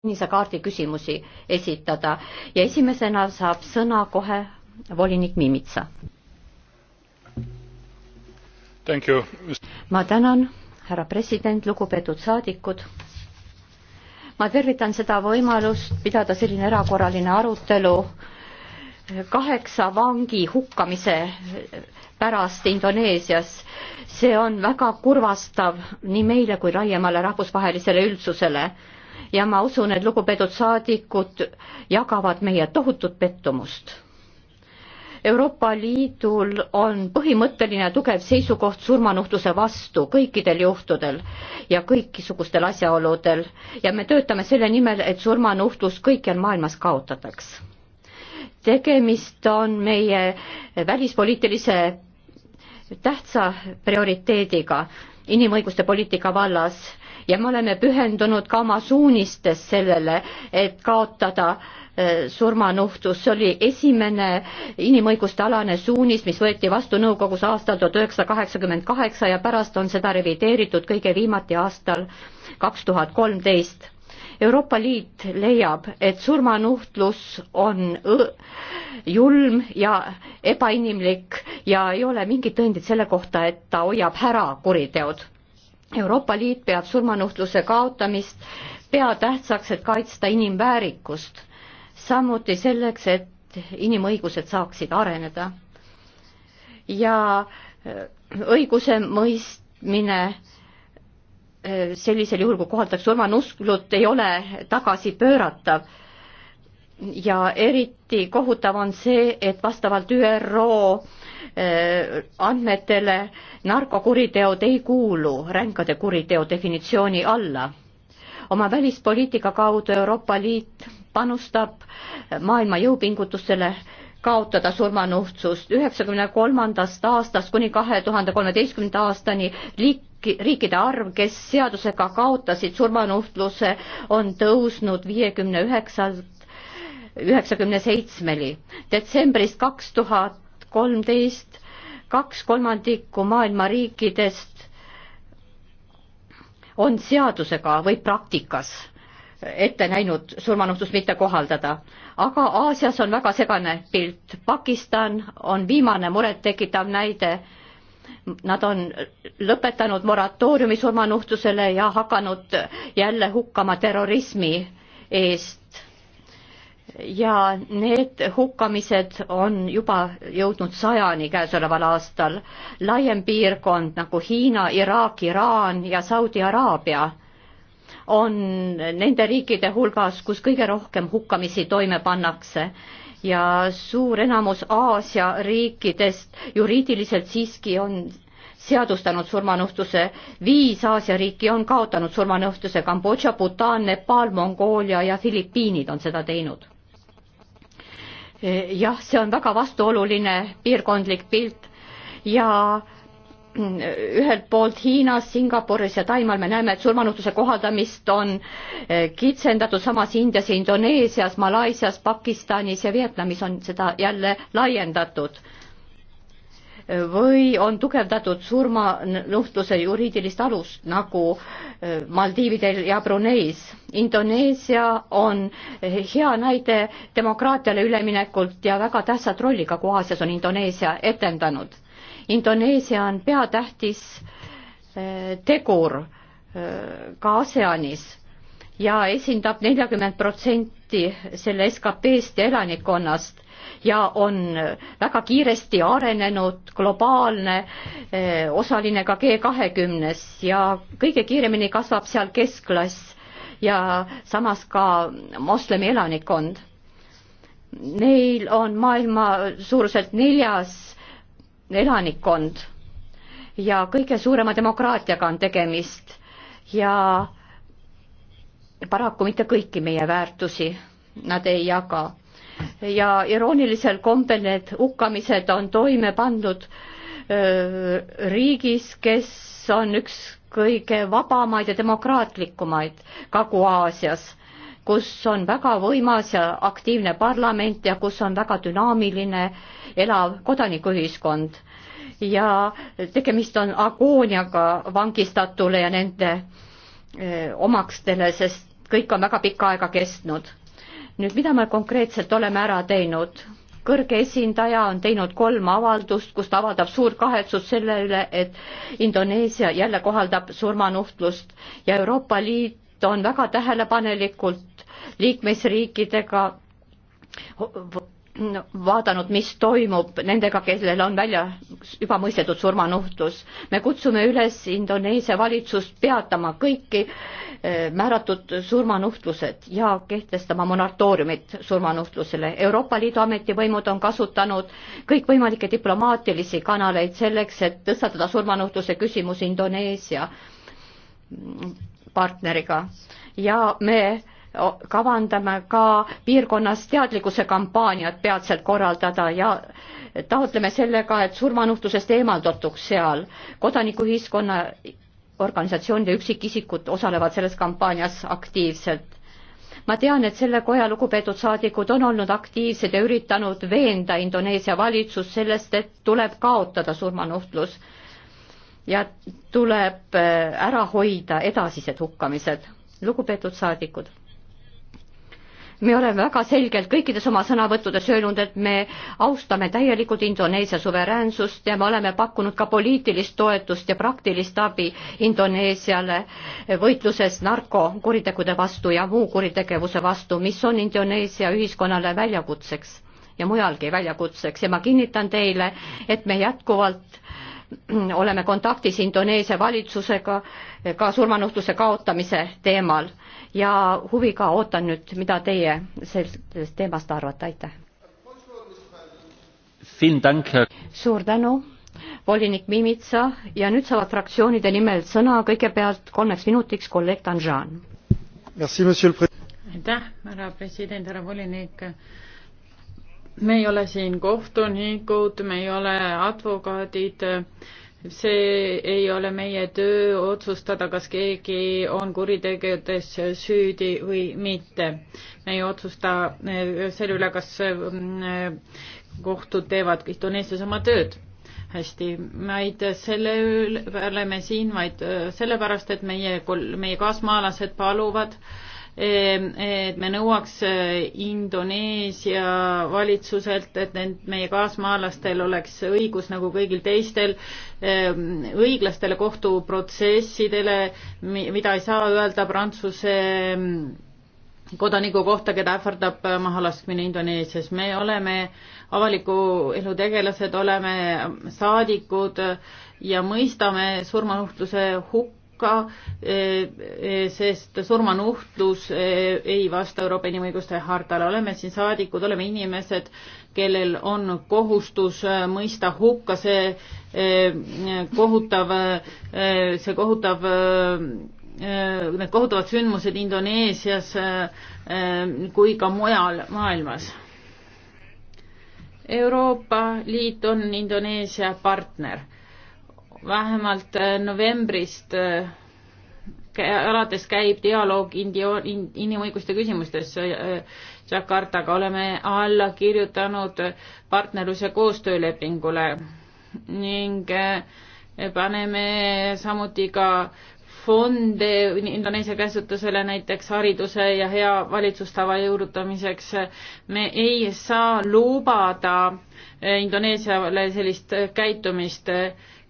sinise kaardi küsimusi esitada ja esimesena saab sõna kohe volinik Mimitsa. ma tänan, härra president, lugupeetud saadikud. ma tervitan seda võimalust pidada selline erakorraline arutelu kaheksa vangi hukkamise pärast Indoneesias. see on väga kurvastav nii meile kui laiemale rahvusvahelisele üldsusele ja ma usun, et lugupeetud saadikud jagavad meie tohutut pettumust. Euroopa Liidul on põhimõtteline tugev seisukoht surmanuhtluse vastu kõikidel juhtudel ja kõikisugustel asjaoludel ja me töötame selle nimel, et surmanuhtlus kõikjal maailmas kaotataks. tegemist on meie välispoliitilise tähtsa prioriteediga inimõiguste poliitika vallas ja me oleme pühendunud ka oma suunistes sellele, et kaotada äh, surmanuhtlus, see oli esimene inimõiguste alane suunis, mis võeti vastu nõukogus aastal tuhat üheksasada kaheksakümmend kaheksa ja pärast on seda revideeritud kõige viimati aastal kaks tuhat kolmteist. Euroopa Liit leiab, et surmanuhtlus on julm ja ebainimlik ja ei ole mingit tõendit selle kohta, et ta hoiab ära kuriteod Euroopa Liit peab surmanuhtluse kaotamist peatähtsaks, et kaitsta inimväärikust, samuti selleks, et inimõigused saaksid areneda. ja äh, õigusemõistmine äh, sellisel juhul, kui kohaldatakse surmanusklut, ei ole tagasipööratav. ja eriti kohutav on see, et vastavalt ÜRO Äh, andmetele narkokuriteod ei kuulu ränkade kuriteo definitsiooni alla. oma välispoliitika kaudu Euroopa Liit panustab maailma jõupingutustele kaotada surmanuhtsus üheksakümne kolmandast aastast kuni kahe tuhande kolmeteistkümnenda aastani liik-, riikide arv, kes seadusega kaotasid surmanuhtluse, on tõusnud viiekümne üheksalt üheksakümne seitsmeli. detsembrist kaks tuhat kolmteist, kaks kolmandikku maailma riikidest on seadusega või praktikas ette näinud surmanuhtlust mitte kohaldada. aga Aasias on väga segane pilt. Pakistan on viimane murettekitav näide. Nad on lõpetanud moratooriumi surmanuhtlusele ja hakanud jälle hukkama terrorismi eest ja need hukkamised on juba jõudnud sajani käesoleval aastal. laiem piirkond nagu Hiina, Iraak, Iraan ja Saudi Araabia on nende riikide hulgas, kus kõige rohkem hukkamisi toime pannakse ja suur enamus Aasia riikidest juriidiliselt siiski on seadustanud surmanuhtluse, viis Aasia riiki on kaotanud surmanuhtluse, Kambodža, Bhutan, Nepal, Mongoolia ja Filipiinid on seda teinud jah, see on väga vastuoluline piirkondlik pilt ja mm, ühelt poolt Hiinas, Singapuris ja Taimal me näeme, et surmanutuse kohaldamist on eh, kitsendatud, samas Indias, Indoneesias, Malaisias, Pakistanis ja Vietnamis on seda jälle laiendatud või on tugevdatud surmanuhtluse juriidilist alust, nagu äh, Maldiividel ja Bruneis. Indoneesia on hea näide demokraatiale üleminekult ja väga tähtsat rolli kogu Aasias on Indoneesia etendanud. Indoneesia on peatähtis äh, tegur äh, ka ASEANis ja esindab neljakümmet protsenti selle SKP-st ja elanikkonnast ja on väga kiiresti arenenud globaalne eh, osaline ka G kahekümnes ja kõige kiiremini kasvab seal keskklass ja samas ka moslemi elanikkond. Neil on maailma suuruselt neljas elanikkond ja kõige suurema demokraatiaga on tegemist ja paraku mitte kõiki meie väärtusi nad ei jaga. ja iroonilisel kombel need hukkamised on toime pandud öö, riigis, kes on üks kõige vabamaid ja demokraatlikumaid Kagu-Aasias, kus on väga võimas ja aktiivne parlament ja kus on väga dünaamiline elav kodanikuühiskond. ja tegemist on agooniaga vangistatule ja nende öö, omakstele, sest kõik on väga pikka aega kestnud. nüüd, mida me konkreetselt oleme ära teinud? kõrge esindaja on teinud kolm avaldust, kus ta avaldab suurt kahetsust selle üle, et Indoneesia jälle kohaldab surmanuhtlust ja Euroopa Liit on väga tähelepanelikult liikmesriikidega vaadanud, mis toimub nendega, kellel on välja juba mõistetud surmanuhtlus. me kutsume üles Indoneesia valitsust peatama kõiki eh, määratud surmanuhtlused ja kehtestama monatooriumit surmanuhtlusele. Euroopa Liidu ametivõimud on kasutanud kõikvõimalikke diplomaatilisi kanaleid selleks, et tõstatada surmanuhtluse küsimus Indoneesia partneriga ja me kavandame ka piirkonnas teadlikkuse kampaaniat peatselt korraldada ja taotleme sellega, et surmanuhtlusest eemaldutuks seal. kodanikuühiskonna organisatsioonid ja üksikisikud osalevad selles kampaanias aktiivselt. ma tean, et selle koja lugupeetud saadikud on olnud aktiivsed ja üritanud veenda Indoneesia valitsust sellest, et tuleb kaotada surmanuhtlus ja tuleb äh, ära hoida edasised hukkamised. lugupeetud saadikud me oleme väga selgelt kõikides oma sõnavõttudes öelnud, et me austame täielikult Indoneesia suveräänsust ja me oleme pakkunud ka poliitilist toetust ja praktilist abi Indoneesiale võitluses narkokuritegude vastu ja muu kuritegevuse vastu, mis on Indoneesia ühiskonnale väljakutseks ja mujalgi väljakutseks ja ma kinnitan teile, et me jätkuvalt äh, oleme kontaktis Indoneesia valitsusega ka surmanuhtluse kaotamise teemal ja huviga ootan nüüd, mida teie sellest teemast arvate, aitäh. suur tänu, volinik Mimitsa ja nüüd saavad fraktsioonide nimel sõna kõigepealt kolmeks minutiks kolleeg Danjan. aitäh, härra president, härra volinik me ei ole siin kohtunikud, me ei ole advokaadid, see ei ole meie töö otsustada, kas keegi on kuritegedes süüdi või mitte. me ei otsusta eh, selle üle, kas eh, kohtud teevad Indoneesias oma tööd hästi, vaid selle üle me oleme siin vaid eh, sellepärast, et meie, meie kaasmaalased paluvad äh, Ehm, et me nõuaks äh, Indoneesia valitsuselt, et need meie kaasmaalastel mm-hmm. oleks õigus nagu kõigil teistel ehm, õiglastele kohtuprotsessidele, mida ei saa öelda Prantsuse ehm, kodaniku kohta, keda ähvardab äh, mahalaskmine Indoneesias. me oleme avaliku elu tegelased, oleme saadikud äh, ja mõistame surmanuhtluse hukka hukka, e, e, sest surmanuhtlus e, ei vasta Euroopa inimõiguste hartale. oleme siin saadikud, oleme inimesed, kellel on kohustus mõista hukka see kohutav, see kohutav Need kohutavad sündmused Indoneesias kui ka mujal maailmas. Euroopa Liit on Indoneesia partner vähemalt äh, novembrist äh, alates käib dialoog indio-, in-, inimõiguste küsimustes äh, Jakartaga, oleme alla kirjutanud partnerluse koostöölepingule ning paneme samuti ka fonde Indoneesia käsutusele näiteks hariduse ja hea valitsustava juurutamiseks. me ei saa lubada Indoneesiale sellist käitumist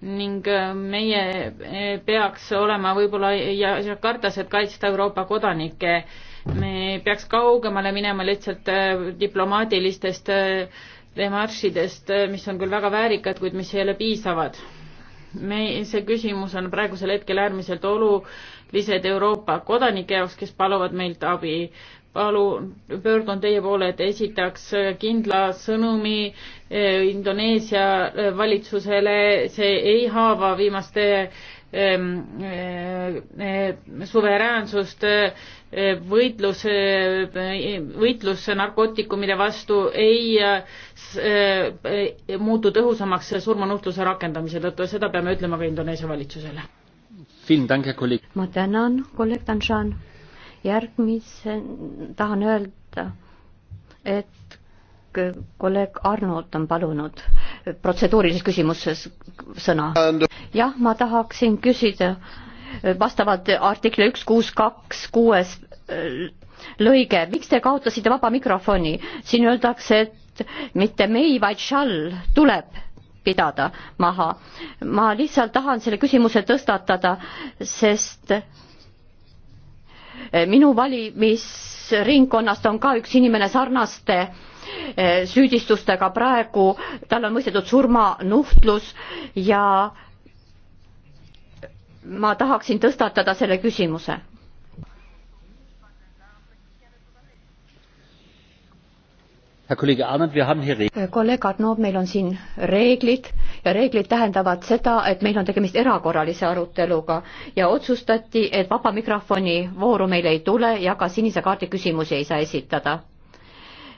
ning äh, meie äh, peaks olema võib-olla Jakartas, et kaitsta Euroopa kodanikke. me peaks kaugemale minema lihtsalt äh, diplomaatilistest demaršidest, mis on küll väga väärikad, kuid mis ei ole piisavad. me, see küsimus on praegusel hetkel äärmiselt olu-, lised Euroopa kodanike jaoks, kes paluvad meilt abi. palun, pöördun teie poole, et esitaks kindla sõnumi eh, Indoneesia eh, valitsusele, see ei haava viimaste ehm, eh, suveräänsust, võitlus, võitlus narkootikumide vastu ei muutu tõhusamaks surmanuhtluse rakendamise tõttu ja seda peame ütlema ka Indoneesia valitsusele ma tänan, kolleeg Danšan. järgmise tahan öelda, et kolleeg Arnold on palunud protseduurilises küsimuses sõna. jah, ma tahaksin küsida vastavalt artikli üks kuus kaks kuues äh, lõige, miks te kaotasite vaba mikrofoni? siin öeldakse, et mitte mei, vaid shall tuleb pidada maha. ma lihtsalt tahan selle küsimuse tõstatada, sest eh, minu valimisringkonnast on ka üks inimene sarnaste eh, süüdistustega praegu, tal on mõistetud surmanuhtlus ja ma tahaksin tõstatada selle küsimuse Äh, kolleeg Arnov, meil on siin reeglid ja reeglid tähendavad seda, et meil on tegemist erakorralise aruteluga ja otsustati, et vaba mikrofoni vooru meil ei tule ja ka sinise kaardi küsimusi ei saa esitada.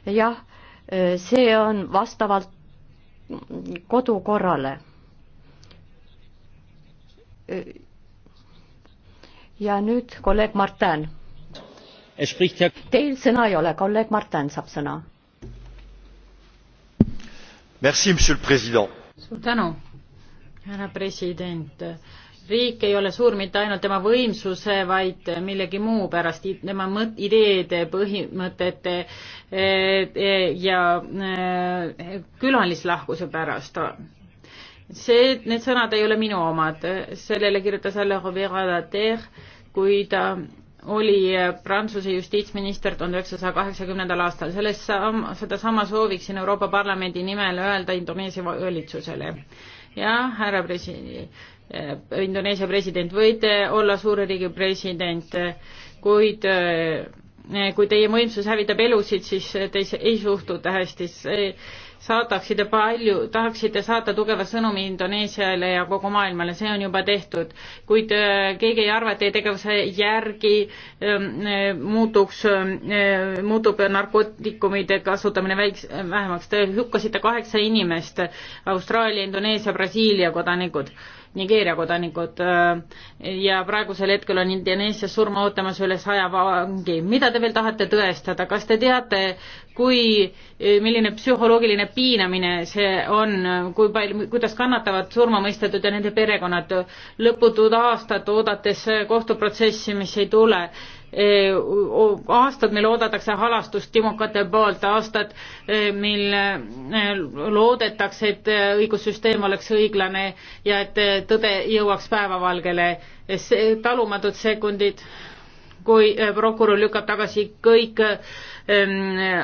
jah, äh, see on vastavalt kodukorrale. Äh, ja nüüd kolleeg Martin. Er Teil sõna ei ole, kolleeg Martin saab sõna suur tänu, härra president. riik ei ole suur mitte ainult tema võimsuse, vaid millegi muu pärast, tema mõt-, ideede, põhimõtete eh, ja eh, külalislahkuse pärast see, need sõnad ei ole minu omad, sellele kirjutas Alain Rivera-Later, kui ta oli eh, Prantsuse justiitsminister tuhande üheksasaja kaheksakümnendal aastal. sellest sam-, sedasama sooviksin Euroopa Parlamendi nimel öelda Indoneesia valitsusele. jah, härra presi-, eh, Indoneesia president, võite olla suure riigi president, kuid eh, kui teie võimsus hävitab elusid, siis te ei suhtuta hästi saadaksite palju, tahaksite saata tugeva sõnumi Indoneesiale ja kogu maailmale, see on juba tehtud. kuid äh, keegi ei arva, et teie tegevuse järgi ähm, äh, muutuks, äh, muutub narkootikumide kasutamine väiks-, vähemaks. Te hukkasite kaheksa inimest, Austraalia, Indoneesia, Brasiilia kodanikud Nigeeria kodanikud äh, ja praegusel hetkel on Indoneesias surma ootamas üle saja vangi. mida te veel tahate tõestada, kas te teate, kui, äh, milline psühholoogiline piinamine see on, kui palju, kuidas kannatavad surmamõistetud ja nende perekonnad lõputud aastad oodates kohtuprotsessi, mis ei tule Äh, aastad, mil oodatakse halastust timukate poolt, aastad, äh, mil äh, loodetakse, et õigussüsteem oleks õiglane ja et tõde jõuaks päevavalgele. talumatud sekundid, kui prokurör lükkab tagasi kõik ähm,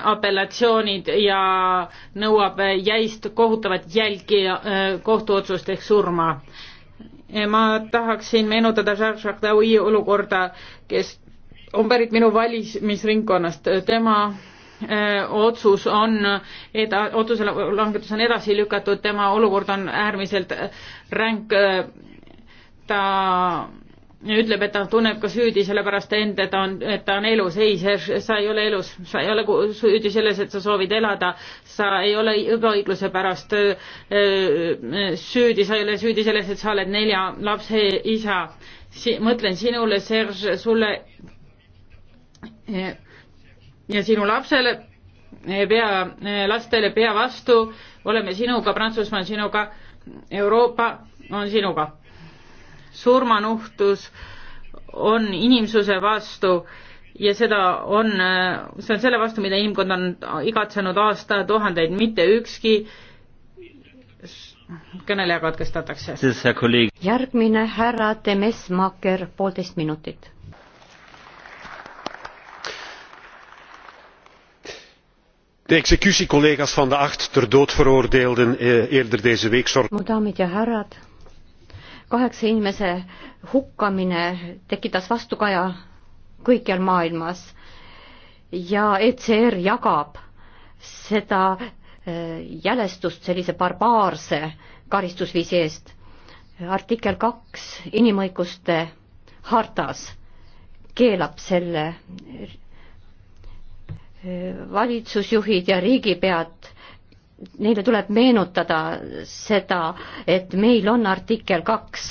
apellatsioonid ja nõuab jäist kohutavat jälgi kohtuotsust ehk surma. ma tahaksin meenutada Jacques Chardin olukorda, kes on pärit minu valimisringkonnast, tema äh, otsus on, otsuse langetus on edasi lükatud, tema olukord on äärmiselt äh, ränk. Äh, ta ütleb, et ta tunneb ka süüdi sellepärast end, et ta on, et ta on elus. ei, see, sa ei ole elus, sa ei ole süüdi selles, et sa soovid elada, sa ei ole ebaõigluse pärast süüdi, sa ei ole süüdi selles, et sa oled nelja lapse isa si. mõtlen sinule, Serge, sulle ja sinu lapsele pea, lastele pea vastu, oleme sinuga, Prantsusmaa on sinuga, Euroopa on sinuga. surmanuhtlus on inimsuse vastu ja seda on, see on selle vastu, mida inimkond on igatsenud aastatuhandeid, mitte ükski kõneleja katkestatakse. järgmine härra Demesmaker, poolteist minutit de executiecollega's van de acht ter dood veroordeelden eh, eerder deze week zorgt. kaheksa inimese hukkamine tekitas vastukaja kõikjal maailmas ja ECR jagab seda eh, jälestust sellise barbaarse karistusviisi eest. artikkel kaks inimõiguste hartas keelab selle valitsusjuhid ja riigipead, neile tuleb meenutada seda, et meil on artikkel kaks,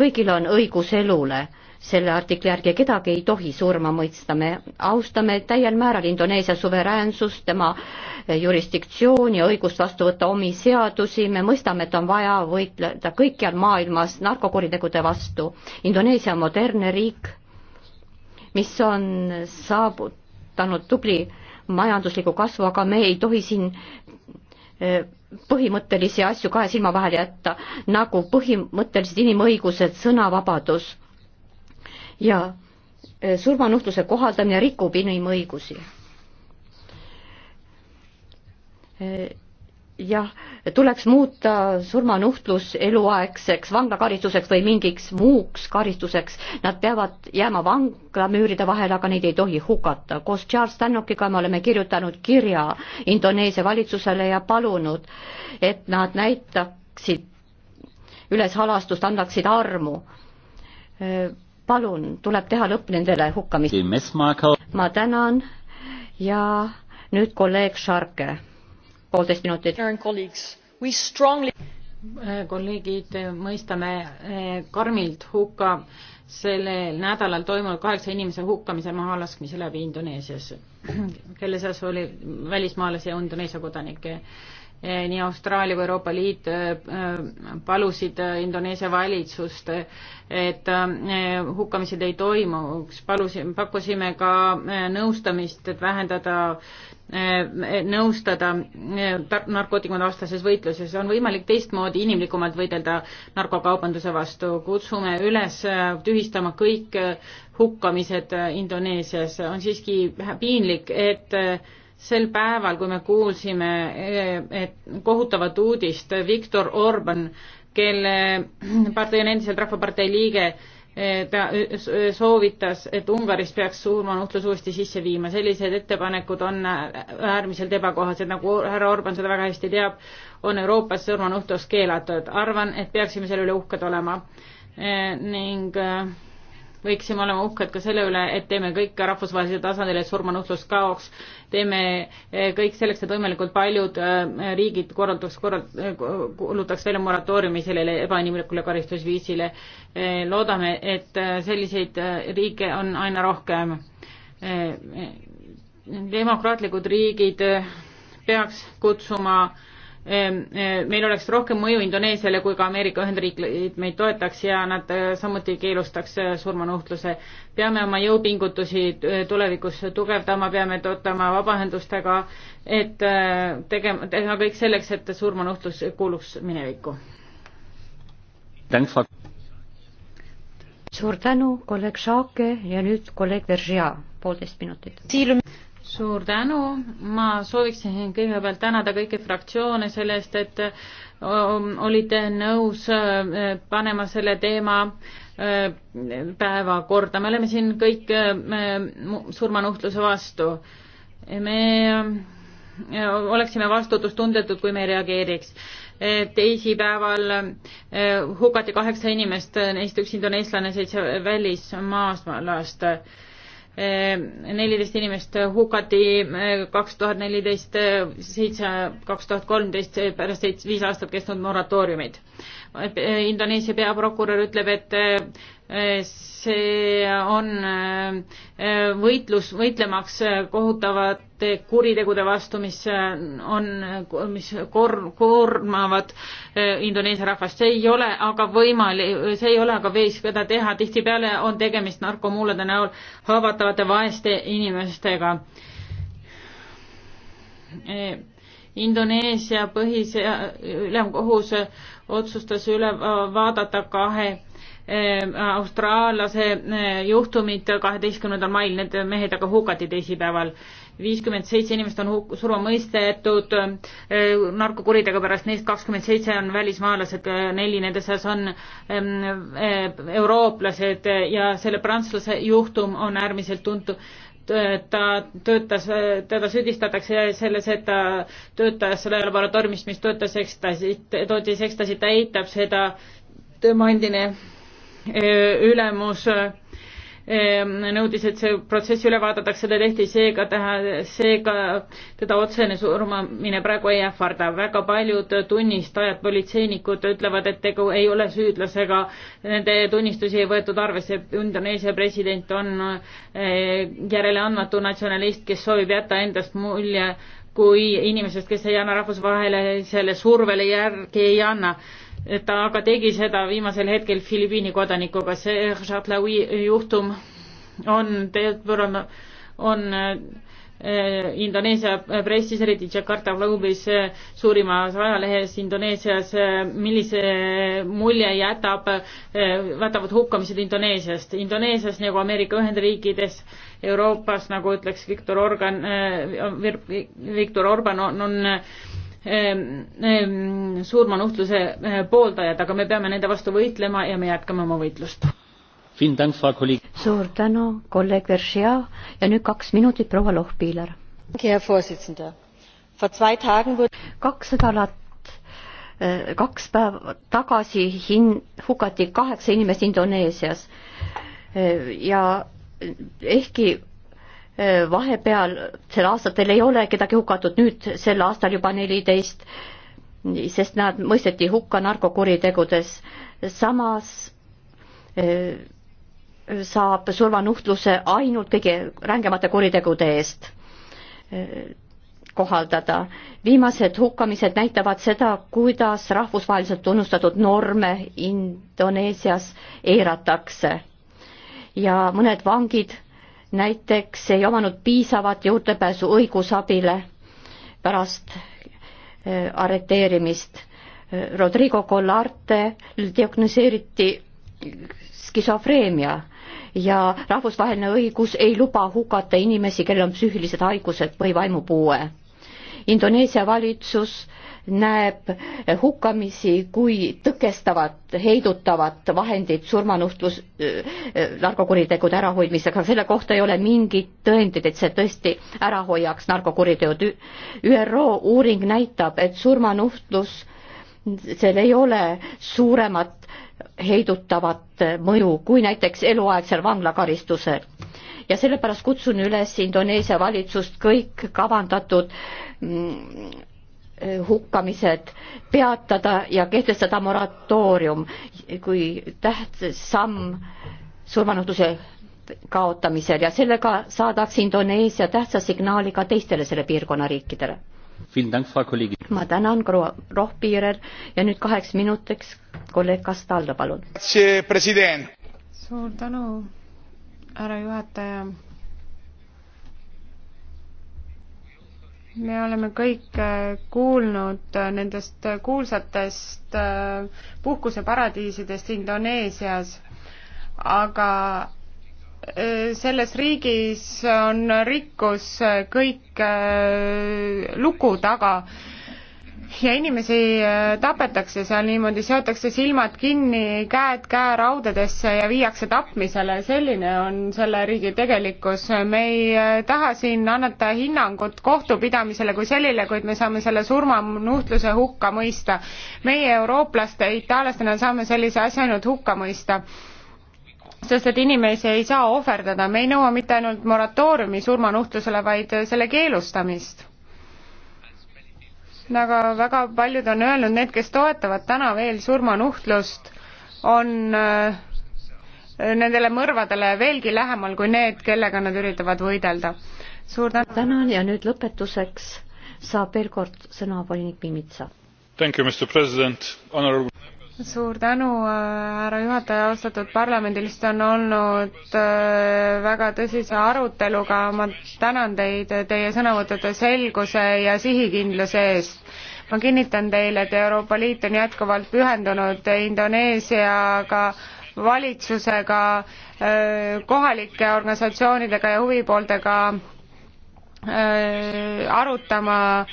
kõigil on õigus elule selle artikli järgi ja kedagi ei tohi surma mõista, me austame täiel määral Indoneesia suveräänsust, tema eh, jurisdiktsiooni ja õigust vastu võtta omi seadusi, me mõistame, et on vaja võitleda kõikjal maailmas narkokuritegude vastu. Indoneesia on modernne riik, mis on saabut-, saavutanud tubli majandusliku kasvu, aga me ei tohi siin eh, põhimõttelisi asju kahe silma vahele jätta, nagu põhimõttelised inimõigused, sõnavabadus ja eh, surmanuhtluse kohaldamine rikub inimõigusi eh, jah, tuleks muuta surmanuhtlus eluaegseks vanglakaristuseks või mingiks muuks karistuseks. Nad peavad jääma vanglamüüride vahele, aga neid ei tohi hukata. koos Charles Stanokiga me oleme kirjutanud kirja Indoneesia valitsusele ja palunud, et nad näitaksid üles halastust, annaksid armu. palun, tuleb teha lõpp nendele hukkamistele. ma tänan ja nüüd kolleeg Sharke poolteist minutit. Eh, kolleegid, eh, mõistame eh, karmilt hukka sellel nädalal toimunud kaheksa inimese hukkamise mahalaskmise läbi Indoneesias, kelle seas oli välismaalasi ja Indoneesia kodanikke Eh, nii Austraalia kui Euroopa Liit eh, eh, palusid Indoneesia valitsust, et hukkamised ei toimuks, palusin, pakkusime ka nõustamist, et vähendada, nõustada narkootikumide vastases võitluses, on võimalik teistmoodi inimlikumalt võidelda narkokaubanduse vastu, kutsume üles tühistama kõik hukkamised Indoneesias, on siiski piinlik, et sel päeval, kui me kuulsime eh, et kohutavat uudist Viktor Orban, kelle partei on endiselt Rahvapartei liige, eh, ta eh, soovitas, et Ungaris peaks surmanuhtlus uuesti sisse viima, sellised ettepanekud on äärmiselt ebakohased, nagu härra Orban seda väga hästi teab, on Euroopas surmanuhtlus keelatud, arvan, et peaksime selle üle uhked olema ning võiksime olema uhked ka selle üle, et teeme kõik rahvusvahelisel tasandil, et surmanuhtlus kaoks, teeme eh, kõik selleks, et võimalikult paljud eh, riigid korraldaks, korrald-, eh, kuulutaks välja moratooriumi sellele ebainimlikule karistusviisile. loodame, et selliseid riike on aina rohkem. demokraatlikud riigid peaks kutsuma Ehm, eh, meil oleks rohkem mõju Indoneesiale, kui ka Ameerika Ühendriigid meid toetaks ja nad eh, samuti keelustaks eh, surmanuhtluse. peame oma jõupingutusi tulevikus tugevdama, peame töötama vabaühendustega, et tegema, teha kõik selleks, et surmanuhtlus kuuluks minevikku. suur tänu, kolleeg Šaake ja nüüd kolleeg Veržia, poolteist minutit suur tänu, ma sooviksin kõigepealt tänada kõiki fraktsioone selle eest, et um, olite nõus äh, panema selle teema äh, päevakorda, me oleme siin kõik äh, surmanuhtluse vastu. me oleksime vastutustundetud, kui me ei reageeriks. teisipäeval hukati kaheksa inimest, neist üks indoneeslane, seitse välismaalast neliteist inimest hukati eh, kaks tuhat neliteist, eh, seitse, kaks tuhat kolmteist eh, pärast seitse, viis aastat kestnud moratooriumid. Indoneesia peaprokurör ütleb, et eh, see on eh, võitlus, võitlemaks kohutavate kuritegude vastu, mis eh, on, mis kor-, koormavad Indoneesia rahvast. see ei ole aga võimalik, see ei ole aga viis, keda teha, tihtipeale on tegemist narkomuulade näol haavatavate vaeste inimestega Indoneesia põhise-, ülemkohus otsustas üle vaadata kahe eh, austraallase eh, juhtumid kaheteistkümnendal mail, need mehed aga hukati teisipäeval. viiskümmend seitse inimest on huk-, surma mõistetud eh, narkokuritega, pärast neist kakskümmend seitse on välismaalased, neli nende seas on ehm, eurooplased ja selle prantslase juhtum on äärmiselt tuntud ta töötas, teda süüdistatakse selles, et ta töötas laboratooriumis, mis töötas ekstasid, tootis ekstasid, ta eitab seda, tema endine e, ülemus Ehm, nõudis, et see protsess üle vaadatakse, ta tehti seega teha, seega teda otsene surmamine praegu ei ähvarda. väga paljud tunnistajad, politseinikud ütlevad, et tegu ei ole süüdlasega, nende tunnistusi ei võetud arvesse. Indoneesia president on eh, järeleandmatu natsionalist, kes soovib jätta endast mulje kui inimesest, kes ei anna rahvusvahelisele survele järgi, ei anna ta aga tegi seda viimasel hetkel Filipiini kodanikuga, see Jatlaui juhtum on on, on eh, Indoneesia pressis, eriti Jakarta Globis, eh, suurimas ajalehes Indoneesias, eh, millise mulje jätab, jätavad hukkamised Indoneesiast. Indoneesias nagu Ameerika Ühendriikides, Euroopas, nagu ütleks Viktor Organ, Viktor Orban on, on Ehm, ehm, surmanuhtluse eh, pooldajad, aga me peame nende vastu võitlema ja me jätkame oma võitlust. suur tänu, kolleeg Veržia ja nüüd kaks minutit proua Lohpiiler. kaks nädalat eh, kaks päeva tagasi hin-, hukati kaheksa inimest Indoneesias eh, ja ehkki vahepealsel aastatel ei ole kedagi hukatud, nüüd sel aastal juba neliteist, sest nad mõisteti hukka narkokuritegudes. samas eh, saab surmanuhtluse ainult kõige rängemate kuritegude eest eh, kohaldada. viimased hukkamised näitavad seda, kuidas rahvusvaheliselt tunnustatud norme Indoneesias eiratakse. ja mõned vangid näiteks ei omanud piisavat juurdepääsu õigusabile pärast äh, arreteerimist. Rodrigo Collarte diagnoseeriti skisofreemia ja rahvusvaheline õigus ei luba hukata inimesi, kellel on psüühilised haigused või vaimupuue Indoneesia valitsus näeb hukkamisi kui tõkestavat, heidutavat vahendit surmanuhtlus narkokuritegude ärahoidmiseks, aga selle kohta ei ole mingit tõendit, et see tõesti ära hoiaks narkokuriteod. ÜRO uuring näitab, et surmanuhtlus, seal ei ole suuremat heidutavat mõju kui näiteks eluaegsel vanglakaristusel ja sellepärast kutsun üles Indoneesia valitsust kõik kavandatud Mm, hukkamised peatada ja kehtestada moratoorium kui tähtis samm surmanuhtluse kaotamisel ja sellega saadaks Indoneesia tähtsa signaali ka teistele selle piirkonna riikidele. ma tänan, proua Rohpiirer ja nüüd kaheks minutiks kolleeg Kastaldo, palun. suur tänu, härra juhataja me oleme kõik äh, kuulnud äh, nendest kuulsatest äh, puhkuseparadiisidest Indoneesias, aga selles riigis on rikkus kõik luku taga ja inimesi äh, tapetakse seal niimoodi, seotakse silmad kinni, käed käeraudadesse ja viiakse tapmisele, selline on selle riigi tegelikkus. me ei äh, taha siin annata hinnangut kohtupidamisele kui sellile, kuid me saame selle surmanuhtluse hukka mõista. meie eurooplaste, itaallastena saame sellise asja ainult hukka mõista sest et inimesi ei saa ohverdada, me ei nõua mitte ainult moratooriumi surmanuhtlusele, vaid selle keelustamist nagu väga paljud on öelnud, need, kes toetavad täna veel surmanuhtlust, on äh, nendele mõrvadele veelgi lähemal kui need, kellega nad üritavad võidelda. suur tänu. tänan ja nüüd lõpetuseks saab veel kord sõna volinik Pimitsa. Honorable suur tänu, äh, härra juhataja, austatud parlamendilist, on olnud äh, väga tõsise aruteluga, ma tänan teid teie sõnavõttude selguse ja sihikindluse eest. ma kinnitan teile, et Euroopa Liit on jätkuvalt pühendunud Indoneesiaga valitsusega, äh, kohalike organisatsioonidega ja huvipooltega arutama äh,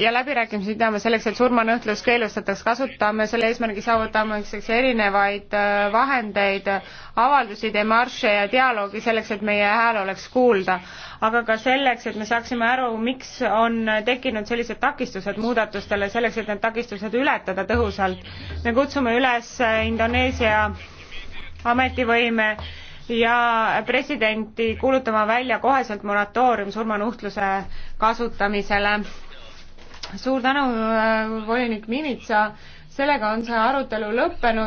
ja läbirääkimisi teame selleks, et surmanõhtlus keelustataks, kasutame selle eesmärgi saavutamiseks erinevaid äh, vahendeid, avaldusi, demarše ja dialoogi selleks, et meie hääl oleks kuulda. aga ka selleks, et me saaksime aru, miks on tekkinud sellised takistused muudatustele, selleks, et need takistused ületada tõhusalt. me kutsume üles Indoneesia ametivõime ja presidenti kuulutama välja koheselt moratoorium surmanuhtluse kasutamisele suur tänu, äh, volinik Mimitsa, sellega on see arutelu lõppenud.